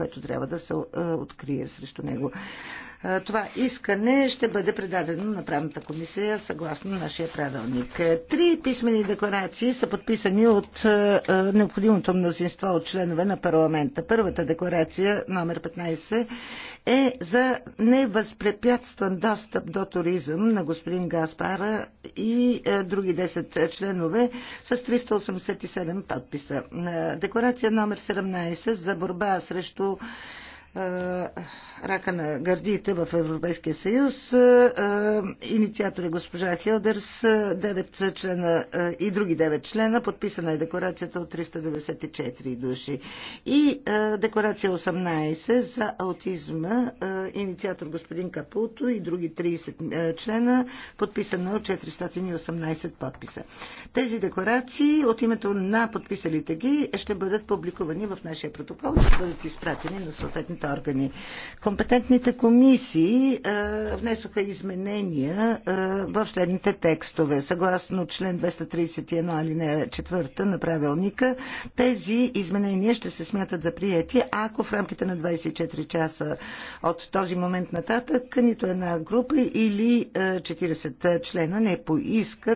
което трябва да се е, открие срещу него това искане ще бъде предадено на правната комисия съгласно нашия правилник. Три писмени декларации са подписани от необходимото мнозинство от членове на парламента. Първата декларация, номер 15, е за невъзпрепятстван достъп до туризъм на господин Гаспара и други 10 членове с 387 подписа. Декларация номер 17 за борба срещу рака на гърдите в Европейския съюз. Инициатор е госпожа Хилдърс, 9 члена и други 9 члена. Подписана е декларацията от 394 души. И декларация 18 за аутизма. Инициатор господин Капуто и други 30 члена. Подписана е от 418 подписа. Тези декларации от името на подписалите ги ще бъдат публикувани в нашия протокол, ще бъдат изпратени на съответните компетентните органи. Компетентните комисии внесоха изменения в следните текстове. Съгласно член 231 алинея 4 на правилника, тези изменения ще се смятат за приети, ако в рамките на 24 часа от този момент нататък нито една група или 40 члена не поиска